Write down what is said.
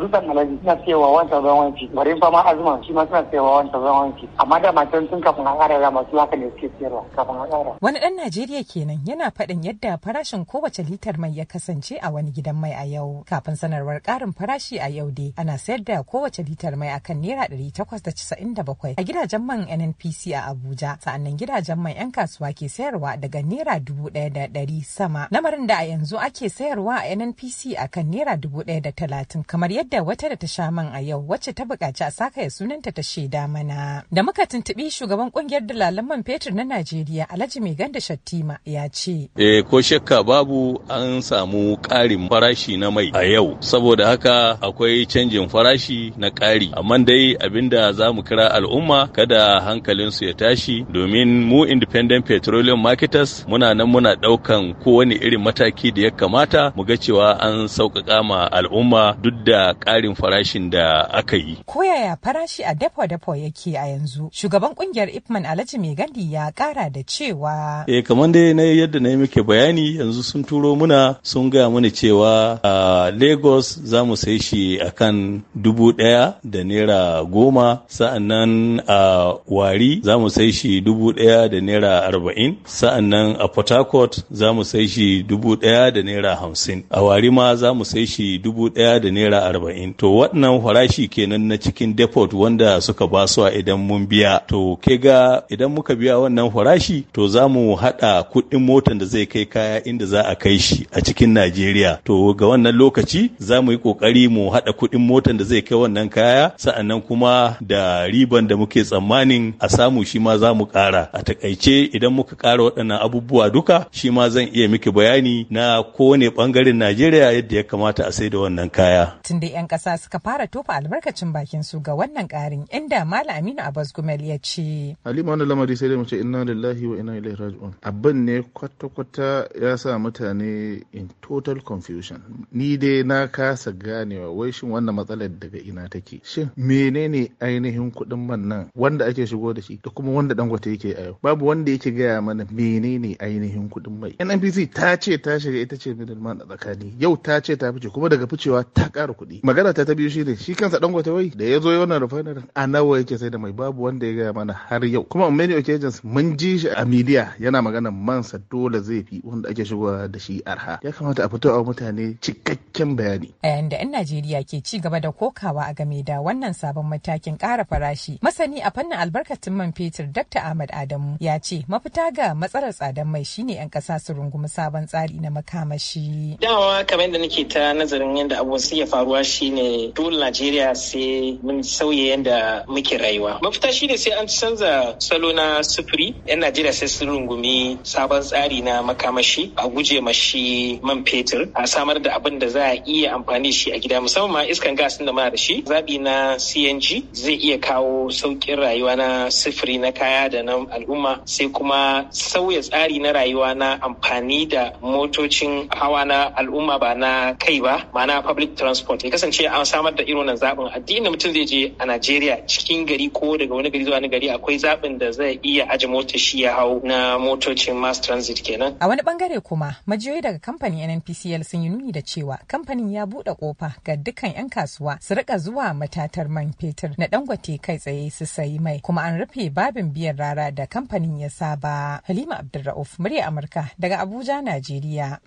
dutsen alaji suna cewa zan wanki. bari fa ma suna cewa zan amma da matan kafin an ƙara haka ne suke siyarwa kafin an ƙara. wani ɗan najeriya kenan yana faɗin yadda farashin kowace litar mai ya kasance a wani gidan mai a yau kafin sanarwar ƙarin farashi a yau dai ana sayar da kowace litar mai akan naira ɗari takwas da casa'in da bakwai a gidajen man nnpc a abuja sa'annan gidajen man 'yan kasuwa ke sayarwa daga nera dubu ɗaya da ɗari sama lamarin da a yanzu ake sayarwa a nnpc akan nera dubu ɗaya da talatin kamar yadda da wata da ta sha man a yau wacce ta buƙaci a saka ya sunanta ta shaida mana. Da muka tuntuɓi shugaban ƙungiyar dalalan man fetur na Najeriya Alhaji Mai Ganda Shattima ya ce. Eh ko shakka babu an samu ƙarin farashi na mai a yau saboda haka akwai canjin farashi na ƙari amma dai abinda za mu kira al'umma kada hankalin su ya tashi domin mu independent petroleum marketers muna nan muna ɗaukan kowane irin mataki da ya kamata mu ga cewa an sauƙaƙa ma al'umma duk da ƙarin farashin da aka yi. Koyaya farashi a dafo-dafo yake a yanzu? Shugaban ƙungiyar Ipman Alhaji Mai Gandi ya ƙara da cewa. Eh kamar dai na yadda na yi muke bayani yanzu sun turo muna sun gaya mana cewa a Lagos za mu sai shi a kan dubu ɗaya da naira goma sa'an nan a Wari za mu sai shi dubu ɗaya da naira arba'in sa'an nan a Port Harcourt za mu sai shi dubu ɗaya da naira hamsin a Wari ma za mu sai shi dubu ɗaya da naira arba'in arba'in to wannan farashi kenan na cikin depot wanda suka ba basuwa idan mun biya to ke ga idan muka biya wannan farashi to za mu haɗa kuɗin motan da zai kai kaya inda za a kai shi a cikin najeriya to ga wannan lokaci za mu yi ƙoƙari mu haɗa kuɗin motan da zai kai wannan kaya sa'annan kuma da riban da muke tsammanin a samu shi ma za mu ƙara a takaice idan muka ƙara waɗannan abubuwa duka shi ma zan iya miki bayani na kowane ɓangaren najeriya yadda ya kamata a sai da wannan kaya. Tunda 'yan ƙasa suka fara tofa albarkacin bakin su ga wannan karin inda Malam Aminu Abbas Gumel ya ce. Halima wani lamari sai dai mu ce inna lillahi wa inna ilaihi raji'un. Abin ne kwata-kwata ya sa mutane in total confusion. Ni dai na kasa ganewa wai shin wannan matsalar daga ina take. Shin menene ainihin kuɗin man nan wanda ake shigo da shi da kuma wanda dangote yake a yau. Babu wanda yake gaya mana menene ainihin kuɗin mai. NNPC ta ce ta shiga ita ce middleman a tsakani. Yau ta ce ta fice kuma daga ficewa ta ƙara kuɗi. magana ta ta biyu shine shi kansa dangote wai da ya zo na refinery a nawa yake sai da mai babu wanda ya gaya mana har yau kuma many occasions mun ji shi a media yana magana mansa dole zai fi wanda ake shigowa da shi arha ya kamata a fito a mutane cikakken bayani a yayin da 'yan najeriya ke ci gaba da kokawa a game da wannan sabon matakin kara farashi masani a fannin albarkatun man fetur dr ahmad adamu ya ce mafita ga matsalar tsadar mai shine 'yan kasa su rungumi sabon tsari na makamashi dawa kamar yadda nake ta nazarin yadda abubuwan su iya faruwa shine dole Najeriya sai mun sauya yadda muke rayuwa. Mafita shine sai an canza salo na sufuri, 'yan Najeriya sai sun rungumi sabon tsari na makamashi a guje mashi man fetur a samar da abin da za a iya amfani shi a gida musamman ma iskan gas da muna da shi Zabi na CNG zai iya kawo sauƙin rayuwa na sufuri na kaya da na al'umma sai kuma sauya tsari na rayuwa na amfani da motocin hawa na al'umma ba na kai ba ma'ana public transport kasance an samar da irin wannan zaɓin da mutum zai je a Najeriya cikin gari ko daga wani gari zuwa wani gari akwai zaɓin da zai iya aje mota shi ya hau na motocin mass transit kenan. A wani bangare kuma majiyoyi daga kamfanin NNPCL sun yi nuni da cewa kamfanin ya buɗe kofa ga dukkan 'yan kasuwa su rika zuwa matatar man fetur na dangote kai tsaye su sayi mai kuma an rufe babin biyan rara da kamfanin ya saba. Halima Abdulra'uf murya Amurka daga Abuja, Najeriya.